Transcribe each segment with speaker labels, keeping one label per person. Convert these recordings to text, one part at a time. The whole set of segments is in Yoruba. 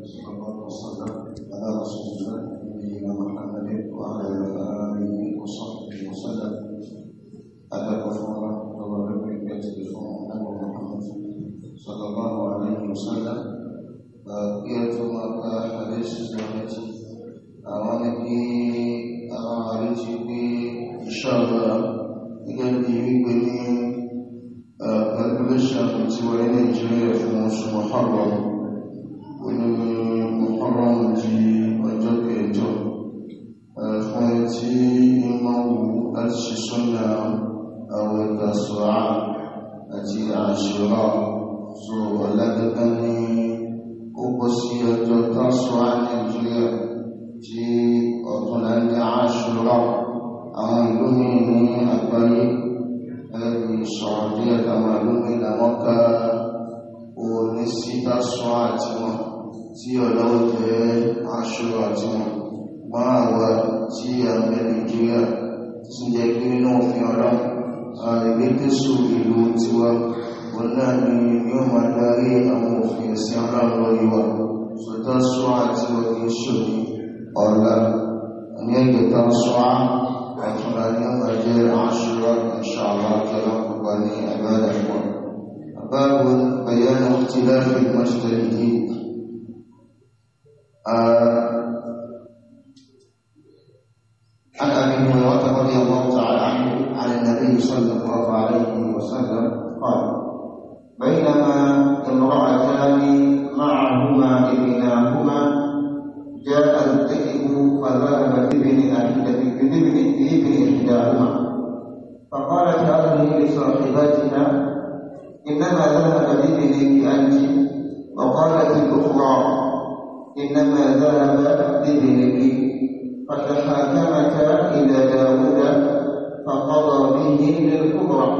Speaker 1: صلى الله وسلم على رسول الله وعلى آله وصحبه وسلم على غفارة وبركة يتبعون أبو محمد صلى الله عليه وسلم يتم حديث الزمن أوانكي أرى عليك إن Fatima wọ́n àwà tí àgbẹ̀ Nàìjíríà ti jẹ́ pé nínú òfin ọ̀rọ̀ àgbẹ̀ gẹ́sù ìlú tiwa òun náà ni yóò máa darí àwọn òfin ẹ̀sìn ọlọ́run lórí wa ṣùtọ́ sọ àti òfin ṣòdì ọ̀la ní ẹgbẹ̀ta sọ á àtúnra ní ọmọdé àṣírọ́ ìṣàlọ́ هريره رضي الله تعالى عنه عن النبي صلى الله عليه وسلم قال بينما امرأتان معهما ابناهما جاء الذئب فذهب بابن بابن بابن إحداهما فقالت هذه لصاحبتها إنما ذهب بابنك أنت وقالت الأخرى إنما ذهب بابنك قد إلى داود فقضى به للكبرى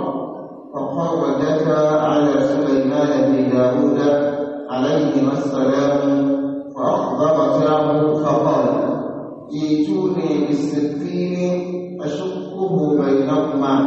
Speaker 1: وفرجك على سليمان بن داود عليهما السلام فأخبرته فقال ائتوني بالستين أشقه بينهما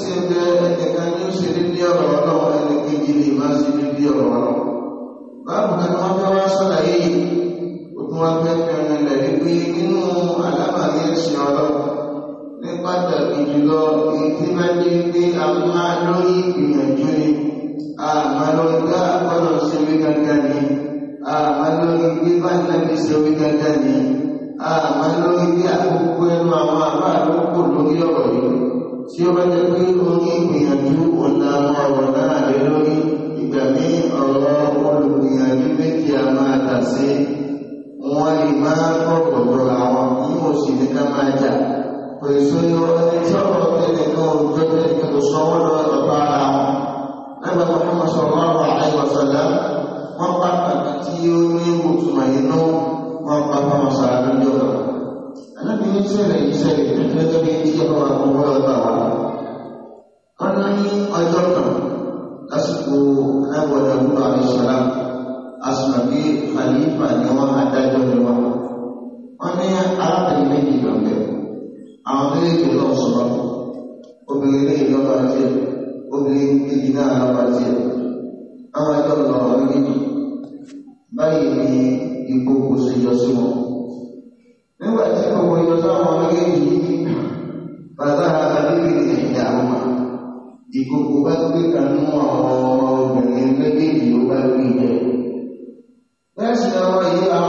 Speaker 1: sí ẹgbẹ́ ẹnìkan ní ó ṣe dédé ọ̀rọ̀ ọlọ́run ẹni kejì lè máa ṣe dédé ọ̀rọ̀ ọlọ́run báàbù kan wọ́n fẹ́ wá ṣàlàyé yìí ó tún wá fẹ́ fi ọ̀nà ilẹ̀ wípé nínú àlámàrí ẹ̀sìn ọlọ́run ní pàtàkì jùlọ èyí tí bá dé pé a máa lórí ìgbìyànjú ni àmà lórí bá àkọ́lọ̀ ṣe wí gangan ni àmà lórí bí bá ṣe wí gangan ni àmà lórí bí àkókò ẹnu àwọn àbá àkókò lórí ọ̀rọ̀ yìí tí ó bá jẹ́ pé ó ní ìgbìyànjú ọ̀nà àwọn ọ̀rọ̀ náà lé lórí ìgbà ní ọ̀rọ̀ olùgbìyànjú méjì a máa dà sí wọ́n lè máa kọ́ pọ̀lọ́ àwọn tí sì ní ká máa jà pèsè ọ̀rọ̀ ẹni Bẹ́ẹ̀ sì ni àwọn ìyá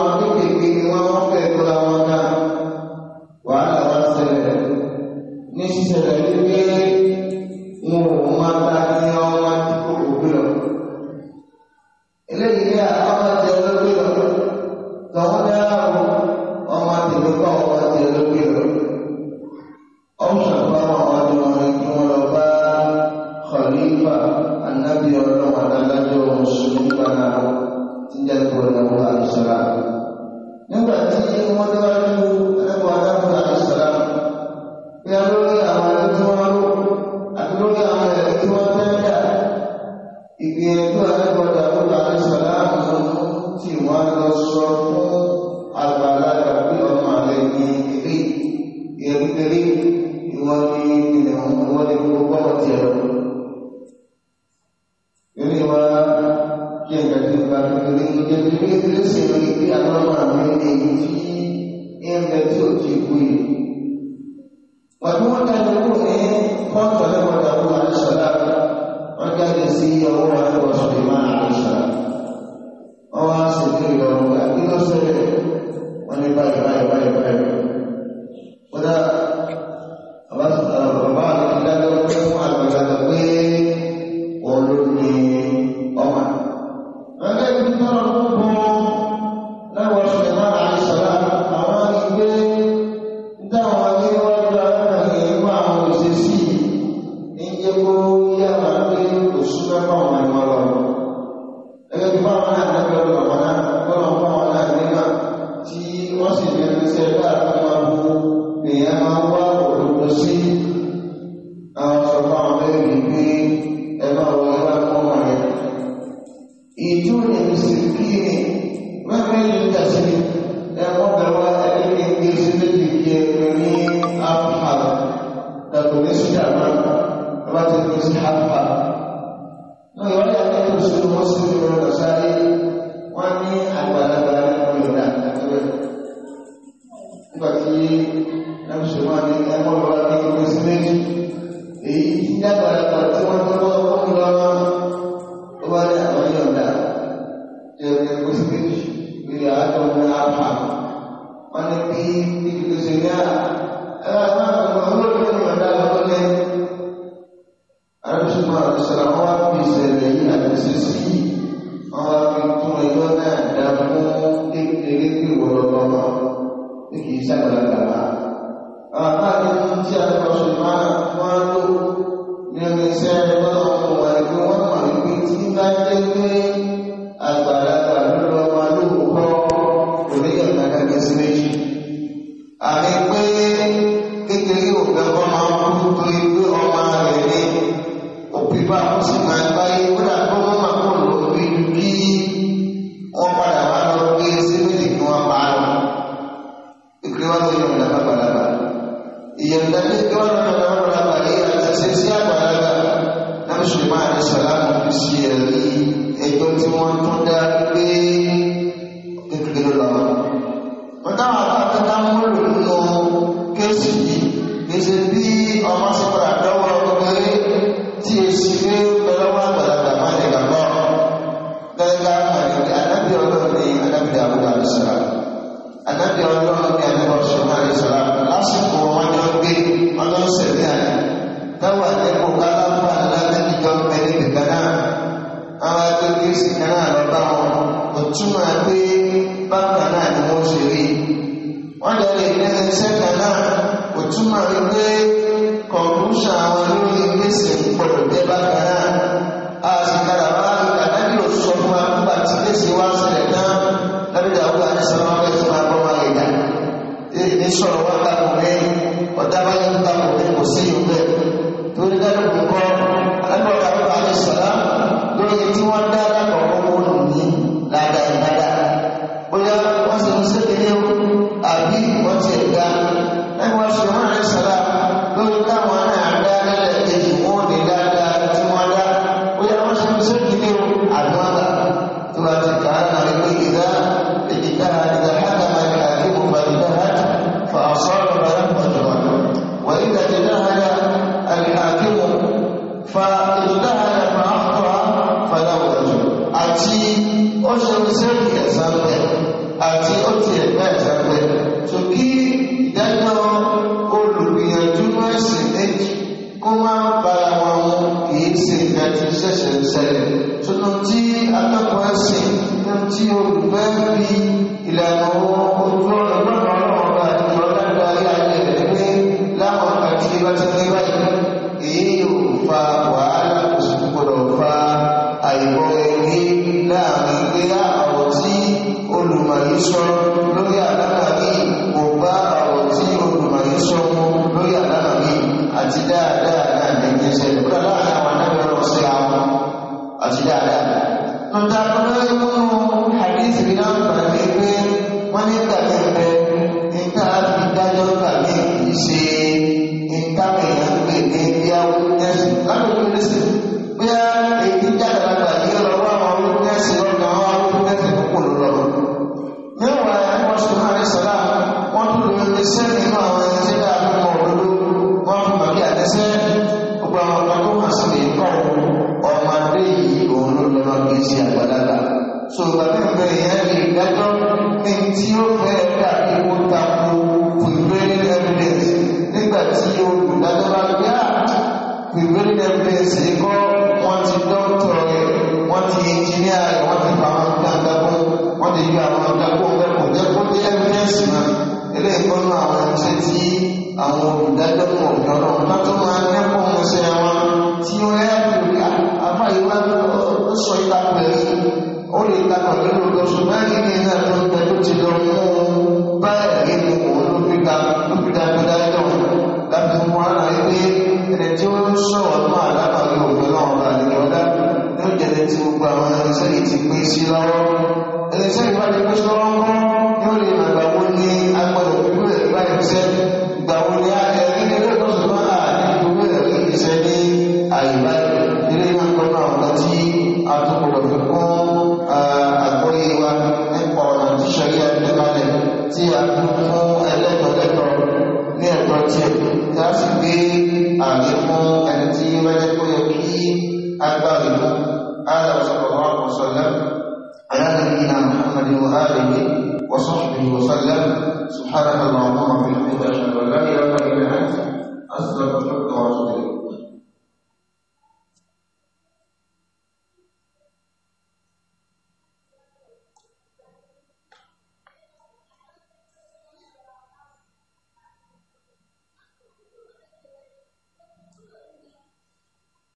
Speaker 1: kọ́ńtà lẹ́wọ̀n dàrú àdìsọ́lá wọn jáde sí ọwọ́ àfọwọ́sọ̀lẹ̀ máa àdìsọ́lá. tí ẹ̀rù ṣùgbọ́n ní ẹgbọ́n lọ́la ní ìpín sí méjì èyí tí dágbàlagbà tí wọ́n tó lọ́wọ́ fún mi lọ́wọ́ ó bá ní àwọn yọ̀ǹda ẹ̀rù ẹgbẹ́ sí méjì ìrìn túmọ̀ pé bákan náà ni wọ́n ṣe rí wọ́n jọ lè ní ẹsẹ̀ kan náà kò túmọ̀ pé kọ̀ǹpúṣà olóyè gbèsè gbọdọ̀ bẹ́ bákan náà a sì kára wá àdájú ò sọ fún wa nígbà tí gbèsè wá sílẹ̀ náà lábẹ́dà wúlò àdìsẹ́ wọn fẹ́ fún wa gbọ́n wa lè dà èyí ní sọ̀rọ̀ wọn takùn lẹ́yìn ọ̀dà wọn yẹn takùn lẹ́yìn kò sí yòó torí dájú kò kọ́ Jerusalem. dẹ́gbẹ̀ẹ́sì kọ́ wọ́n ti dọ́kítọ̀ rẹ̀ wọ́n ti ẹnjìníà rẹ̀ wọ́n ti fàwọn gbàgbà kó wọ́n ti yọ àwọn ọ̀dàkó mẹ́kọ̀ọ́ jẹ́ kó dé ẹ́fíẹ́sì mọ́ ilé ìkọ́nù àwọn ẹ̀ṣẹ́ tí àwọn olùdájọ́ mọ̀ ọ̀dọ́ náà bá tó máa nẹ́kọ̀ọ́ mọ́ sí wọn tí ó yẹ àbá ìwà ó sọ ìta pẹ̀lú ó lè takọ̀ nínú lọ́sọ báyìí ní iná tó ń tẹ́lú ti Israel. وصحبه وسلم سبحانك اللهم وبحمدك اشهد ان لا اله الا انت استغفرك